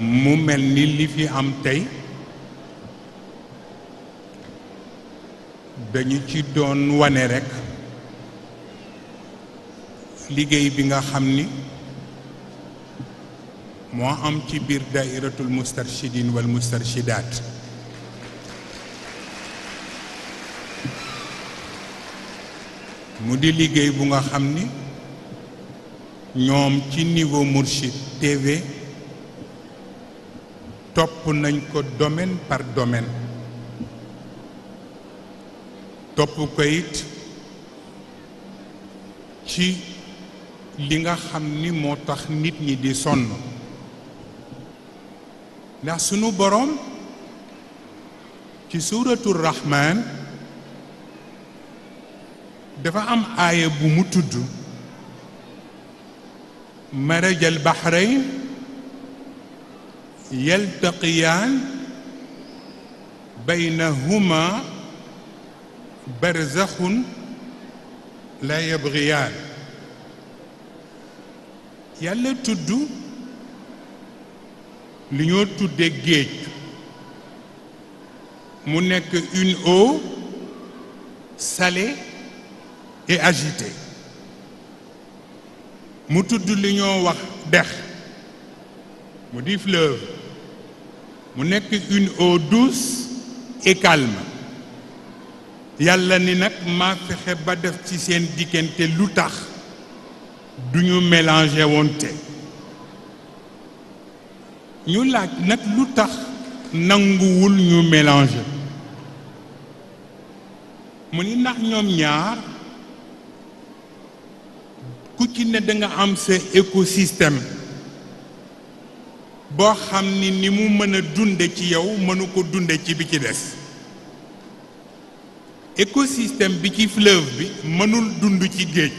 mu mel ni li fi am tey dañu ci doon wane rekk liggéey bi nga xam ni moo am ci biir daairatul mustarshidin wal mustarshidaat mu di liggéey bu nga xam ni ñoom ci niveau Mourchid TV top nañ ko domaine par domaine top ko it ci li nga xamni mo tax nit ñi di son ndax sunu borom ci suratul rahman dafa am aya bu mu tuddu marajal bahrain yel baynahuma barzaxun la yabgiyaan yàlla tudd li ñoo tudde mu nekk une eau salée et agitée mu du li wa wax mu nekk une eau douce et calme Yalla ni nak ma fexé ba def ci sen diggante lutax duñu du wonté ñu laaj nak lutax tax nanguwul ñu mélanger mu ni nak ñom ñaar ku ci ne da nga am sa écosystème boo xam ni ni mu mën a dunde ci yow mënu ko dunde ci bi ci des écosystème bi ci fleuve bi mënul dund ci géej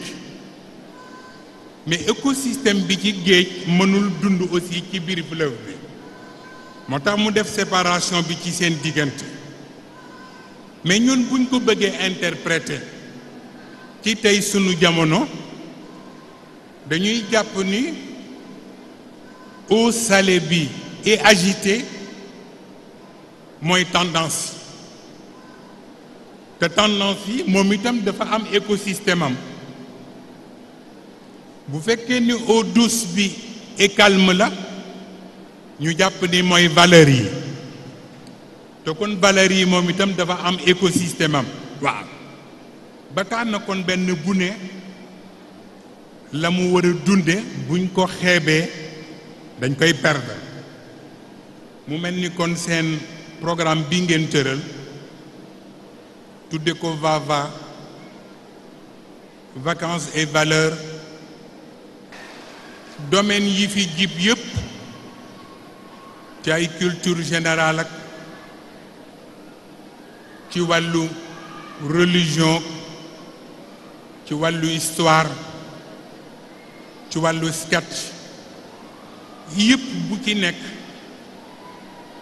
mais écosystème bi ci géej mënul dund aussi ci biir fleuve bi moo tax mu def séparation bi ci seen diggante mais ñun buñ ko bëggee interpréter ci tey sunu jamono dañuy jàpp ni au Salébi et agité mooy tendance te tendance yi moom itam dafa am écosystème Vous bu fekkee ni au douce bi et calme la ñu jàpp ni mooy valeur yi te kon valeur yi am écosystème Wa. ba na kon benn la dunde buñ ko dañ koy perdre mu mel ni kon seen programme bi ngeen tëral tudde ko VAVA vacances et valeurs domaine yi fi jib yépp ci ay culture générale ak ci wàllu religion ci wàllu histoire ci wàllu sketch yëpp bu ci nekk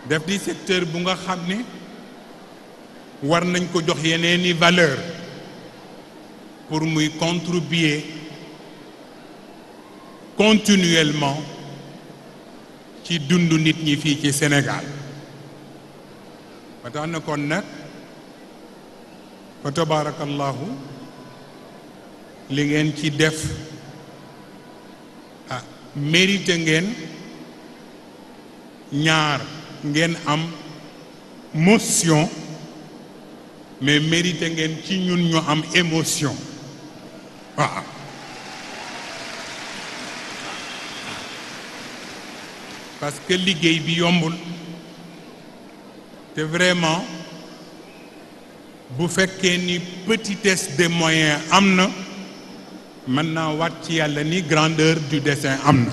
def di secteur bu nga xam ne war nañ ko jox yeneeni valeur pour muy contribuer continuellement ci dundu nit ñi fii ci Sénégal ba tax na kon nag fa tabaarakallaahu li ngeen ci def ah mérité ngène ñaar ngène am motion mais mérité ngène ci ñun ñu am émotion parce que liguey bi yombul c'est vraiment bu fekké ni petitesse des moyens amna Maintenant, voici y grandeur du dessin Amna.